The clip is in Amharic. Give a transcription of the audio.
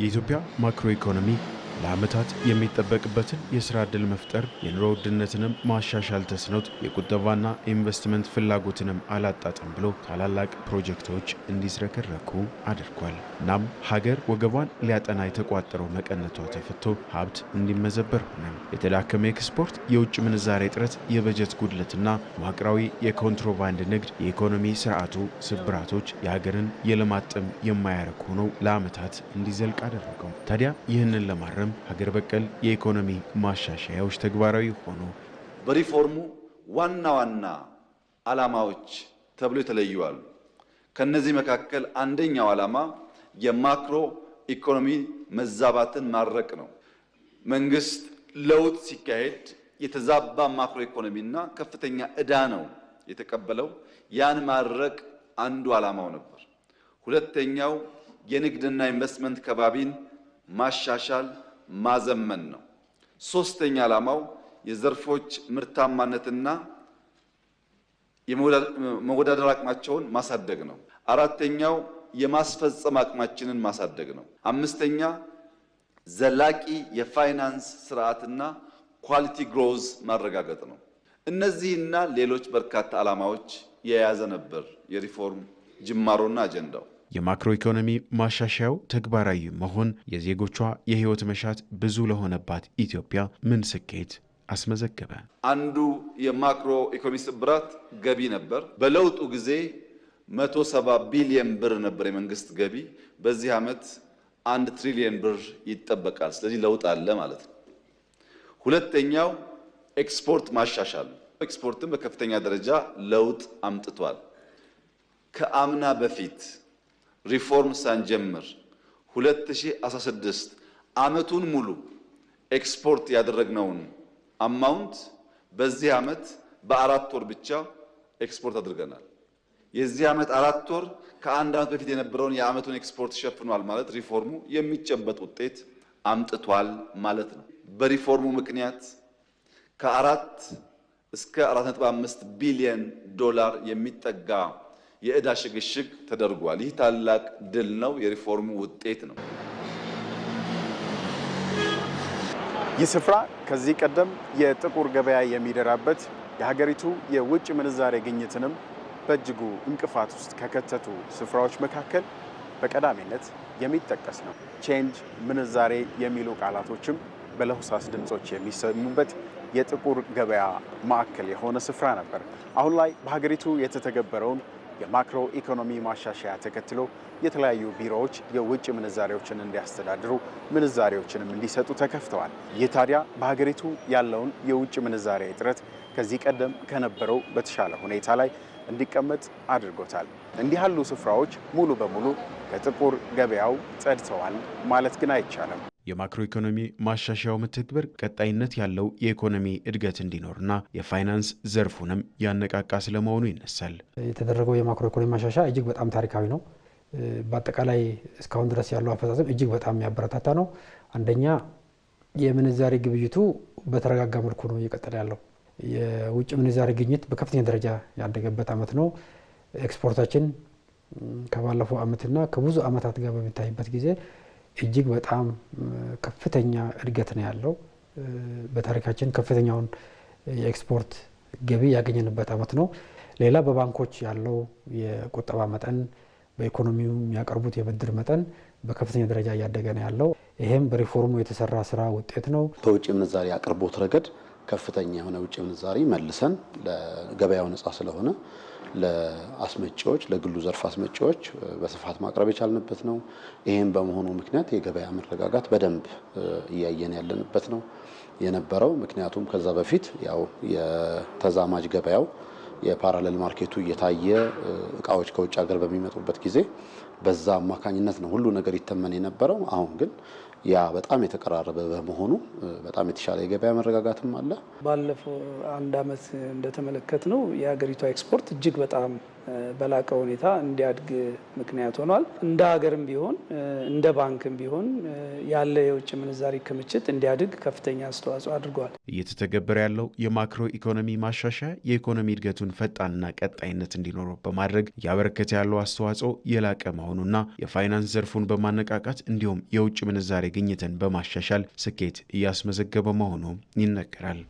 Ethiopia macroeconomy ለዓመታት የሚጠበቅበትን የስራ ዕድል መፍጠር የኑሮ ውድነትንም ማሻሻል ተስኖት የቁጠባና ኢንቨስትመንት ፍላጎትንም አላጣጠም ብሎ ታላላቅ ፕሮጀክቶች እንዲዝረከረኩ አድርጓል። እናም ሀገር ወገቧን ሊያጠና የተቋጠረው መቀነቷ ተፈቶ ሀብት እንዲመዘበር ሆነ። የተዳከመ ኤክስፖርት፣ የውጭ ምንዛሬ እጥረት፣ የበጀት ጉድለትና መዋቅራዊ የኮንትሮባንድ ንግድ የኢኮኖሚ ስርዓቱ ስብራቶች የሀገርን የልማት ጥም የማያረግ ሆነው ለዓመታት እንዲዘልቅ አደረገው። ታዲያ ይህንን ለማድረግ በመፈራረም ሀገር በቀል የኢኮኖሚ ማሻሻያዎች ተግባራዊ ሆኑ። በሪፎርሙ ዋና ዋና ዓላማዎች ተብሎ የተለዩ አሉ። ከነዚህ መካከል አንደኛው ዓላማ የማክሮ ኢኮኖሚ መዛባትን ማድረቅ ነው። መንግስት ለውጥ ሲካሄድ የተዛባ ማክሮ ኢኮኖሚና ከፍተኛ እዳ ነው የተቀበለው። ያን ማድረቅ አንዱ ዓላማው ነበር። ሁለተኛው የንግድና ኢንቨስትመንት ከባቢን ማሻሻል ማዘመን ነው። ሶስተኛ ዓላማው የዘርፎች ምርታማነትና የመወዳደር አቅማቸውን ማሳደግ ነው። አራተኛው የማስፈጸም አቅማችንን ማሳደግ ነው። አምስተኛ ዘላቂ የፋይናንስ ስርዓትና ኳሊቲ ግሮዝ ማረጋገጥ ነው። እነዚህና ሌሎች በርካታ ዓላማዎች የያዘ ነበር የሪፎርም ጅማሮና አጀንዳው። የማክሮ ኢኮኖሚ ማሻሻያው ተግባራዊ መሆን የዜጎቿ የህይወት መሻት ብዙ ለሆነባት ኢትዮጵያ ምን ስኬት አስመዘገበ? አንዱ የማክሮ ኢኮኖሚ ስብራት ገቢ ነበር። በለውጡ ጊዜ 170 ቢሊየን ብር ነበር የመንግስት ገቢ። በዚህ ዓመት አንድ ትሪሊየን ብር ይጠበቃል። ስለዚህ ለውጥ አለ ማለት ነው። ሁለተኛው ኤክስፖርት ማሻሻል ነው። ኤክስፖርትም በከፍተኛ ደረጃ ለውጥ አምጥቷል ከአምና በፊት ሪፎርም ሳንጀምር 2016 አመቱን ሙሉ ኤክስፖርት ያደረግነውን አማውንት በዚህ አመት በአራት ወር ብቻ ኤክስፖርት አድርገናል። የዚህ ዓመት አራት ወር ከአንድ አመት በፊት የነበረውን የአመቱን ኤክስፖርት ሸፍኗል ማለት ሪፎርሙ የሚጨበጥ ውጤት አምጥቷል ማለት ነው። በሪፎርሙ ምክንያት ከአራት እስከ 4.5 ቢሊዮን ዶላር የሚጠጋ የዕዳ ሽግሽግ ተደርጓል። ይህ ታላቅ ድል ነው፣ የሪፎርሙ ውጤት ነው። ይህ ስፍራ ከዚህ ቀደም የጥቁር ገበያ የሚደራበት የሀገሪቱ የውጭ ምንዛሬ ግኝትንም በእጅጉ እንቅፋት ውስጥ ከከተቱ ስፍራዎች መካከል በቀዳሚነት የሚጠቀስ ነው። ቼንጅ፣ ምንዛሬ የሚሉ ቃላቶችም በለሆሳስ ድምፆች የሚሰሙበት የጥቁር ገበያ ማዕከል የሆነ ስፍራ ነበር። አሁን ላይ በሀገሪቱ የተተገበረውን የማክሮ ኢኮኖሚ ማሻሻያ ተከትሎ የተለያዩ ቢሮዎች የውጭ ምንዛሬዎችን እንዲያስተዳድሩ ምንዛሬዎችንም እንዲሰጡ ተከፍተዋል። ይህ ታዲያ በሀገሪቱ ያለውን የውጭ ምንዛሬ እጥረት ከዚህ ቀደም ከነበረው በተሻለ ሁኔታ ላይ እንዲቀመጥ አድርጎታል። እንዲህ ያሉ ስፍራዎች ሙሉ በሙሉ ከጥቁር ገበያው ጸድተዋል ማለት ግን አይቻልም። የማክሮ ኢኮኖሚ ማሻሻያው መተግበር ቀጣይነት ያለው የኢኮኖሚ እድገት እንዲኖርና የፋይናንስ ዘርፉንም ያነቃቃ ስለመሆኑ ይነሳል። የተደረገው የማክሮ ኢኮኖሚ ማሻሻያ እጅግ በጣም ታሪካዊ ነው። በአጠቃላይ እስካሁን ድረስ ያለው አፈጻጸም እጅግ በጣም የሚያበረታታ ነው። አንደኛ የምንዛሬ ግብይቱ በተረጋጋ መልኩ ነው እየቀጠለ ያለው። የውጭ ምንዛሬ ግኝት በከፍተኛ ደረጃ ያደገበት አመት ነው። ኤክስፖርታችን ከባለፈው አመትና ከብዙ አመታት ጋር በሚታይበት ጊዜ እጅግ በጣም ከፍተኛ እድገት ነው ያለው። በታሪካችን ከፍተኛውን የኤክስፖርት ገቢ ያገኘንበት አመት ነው። ሌላ በባንኮች ያለው የቁጠባ መጠን በኢኮኖሚው የሚያቀርቡት የብድር መጠን በከፍተኛ ደረጃ እያደገ ነው ያለው። ይሄም በሪፎርሙ የተሰራ ስራ ውጤት ነው። በውጭ ምንዛሪ አቅርቦት ረገድ ከፍተኛ የሆነ ውጭ ምንዛሪ መልሰን ለገበያው ነጻ ስለሆነ ለአስመጪዎች ለግሉ ዘርፍ አስመጪዎች በስፋት ማቅረብ የቻልንበት ነው። ይህም በመሆኑ ምክንያት የገበያ መረጋጋት በደንብ እያየን ያለንበት ነው የነበረው። ምክንያቱም ከዛ በፊት ያው የተዛማጅ ገበያው የፓራሌል ማርኬቱ እየታየ እቃዎች ከውጭ ሀገር በሚመጡበት ጊዜ በዛ አማካኝነት ነው ሁሉ ነገር ይተመን የነበረው። አሁን ግን ያ በጣም የተቀራረበ በመሆኑ በጣም የተሻለ የገበያ መረጋጋትም አለ። ባለፈው አንድ አመት እንደተመለከት ነው የሀገሪቷ ኤክስፖርት እጅግ በጣም በላቀ ሁኔታ እንዲያድግ ምክንያት ሆኗል። እንደ ሀገርም ቢሆን እንደ ባንክም ቢሆን ያለ የውጭ ምንዛሪ ክምችት እንዲያድግ ከፍተኛ አስተዋጽኦ አድርጓል። እየተተገበረ ያለው የማክሮ ኢኮኖሚ ማሻሻያ የኢኮኖሚ እድገቱን ፈጣንና ቀጣይነት እንዲኖረው በማድረግ እያበረከተ ያለው አስተዋጽኦ የላቀ መሆኑና የፋይናንስ ዘርፉን በማነቃቃት እንዲሁም የውጭ ምንዛሬ ግኝትን በማሻሻል ስኬት እያስመዘገበ መሆኑ ይነገራል።